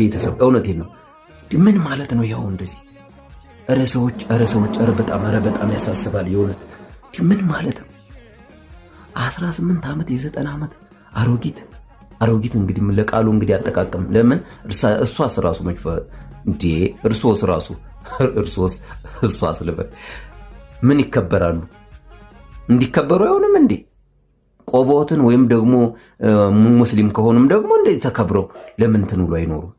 ቤተሰብ እውነቴን ነው። ምን ማለት ነው? ያው እንደዚህ ኧረ ሰዎች ኧረ ሰዎች ኧረ በጣም ኧረ በጣም ያሳስባል። የእውነት ምን ማለት ነው? 18 ዓመት የ የዘጠና ዓመት አሮጊት አሮጊት እንግዲህ ለቃሉ እንግዲህ አጠቃቀም ለምን እሷስ ራሱ መጭፈ እንዴ እርሶስ ራሱ እርሶስ እሷ ልበል ምን ይከበራሉ? እንዲከበሩ አይሆንም እንዴ? ቆቦትን ወይም ደግሞ ሙስሊም ከሆኑም ደግሞ እንደዚህ ተከብረው ለምን ትንውሉ አይኖሩም?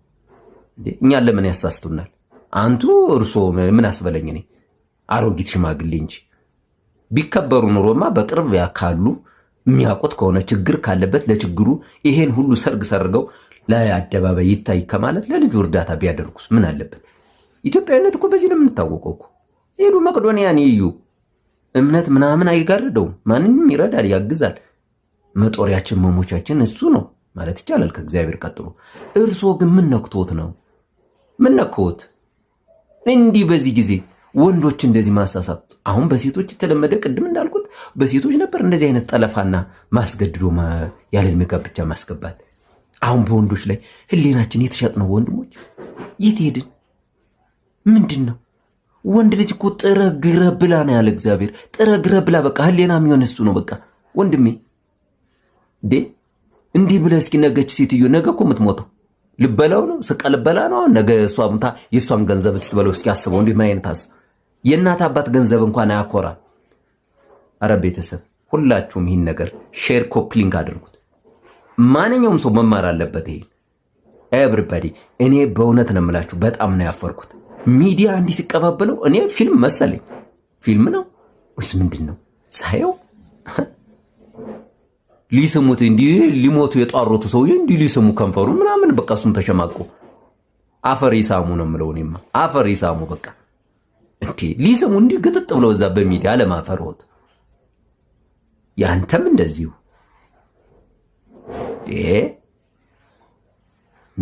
እኛን ለምን ያሳስቱናል? አንቱ እርሶ ምን አስበለኝ እኔ አሮጊት ሽማግሌ እንጂ ቢከበሩ ኑሮማ በቅርብ ካሉ የሚያውቁት ከሆነ ችግር ካለበት ለችግሩ ይሄን ሁሉ ሰርግ ሰርገው ለአደባባይ ይታይ ከማለት ለልጁ እርዳታ ቢያደርጉስ ምን አለበት? ኢትዮጵያዊነት እኮ በዚህ ነው የምንታወቀው እኮ። ሄዱ መቅዶኒያን ይዩ እምነት ምናምን አይጋርደውም። ማንንም ይረዳል፣ ያግዛል። መጦሪያችን መሞቻችን እሱ ነው ማለት ይቻላል ከእግዚአብሔር ቀጥሎ። እርስዎ ግን ምን ነክቶት ነው? ምን ነካሁት? እንዲህ በዚህ ጊዜ ወንዶች እንደዚህ ማሳሳብ አሁን በሴቶች የተለመደ ቅድም እንዳልኩት በሴቶች ነበር እንደዚህ አይነት ጠለፋና ማስገድዶ ያለ ብቻ ጋብቻ ማስገባት። አሁን በወንዶች ላይ ህሌናችን የተሸጥነው ወንድሞች፣ የት ሄድን? ምንድን ነው? ወንድ ልጅ እኮ ጥረ ግረ ብላ ነው ያለ እግዚአብሔር። ጥረ ግረ ብላ በቃ ህሌና የሚሆን እሱ ነው። በቃ ወንድሜ እንዴ እንዲህ ብለህ እስኪ ነገች ሴትዮ ነገ እኮ የምትሞተው ልበላው ነው ስቀ ልበላ ነው። ነገ የእሷን ገንዘብ ስትበለው እስኪ አስበው። እንዲህ ምን አይነት አስ የእናት አባት ገንዘብ እንኳን አያኮራ። አረ ቤተሰብ ሁላችሁም ይህን ነገር ሼር ኮፕሊንግ አድርጉት። ማንኛውም ሰው መማር አለበት ይሄ ኤቭሪባዲ። እኔ በእውነት ነው የምላችሁ በጣም ነው ያፈርኩት። ሚዲያ እንዲህ ሲቀባበለው እኔ ፊልም መሰለኝ ፊልም ነው ወይስ ምንድን ነው ሳየው ሊስሙት እንዲህ ሊሞቱ የጧሮቱ ሰውዬ እንዲህ ሊስሙ ከንፈሩ ምናምን በቃ እሱን ተሸማቆ አፈር ይሳሙ ነው የምለው እኔማ። አፈር ይሳሙ በቃ እንዴ ሊስሙ እንዲህ ግጥጥ ብለው እዛ በሚዲያ ለማፈርወት ያንተም እንደዚሁ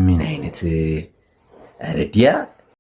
ምን አይነት ረዲያ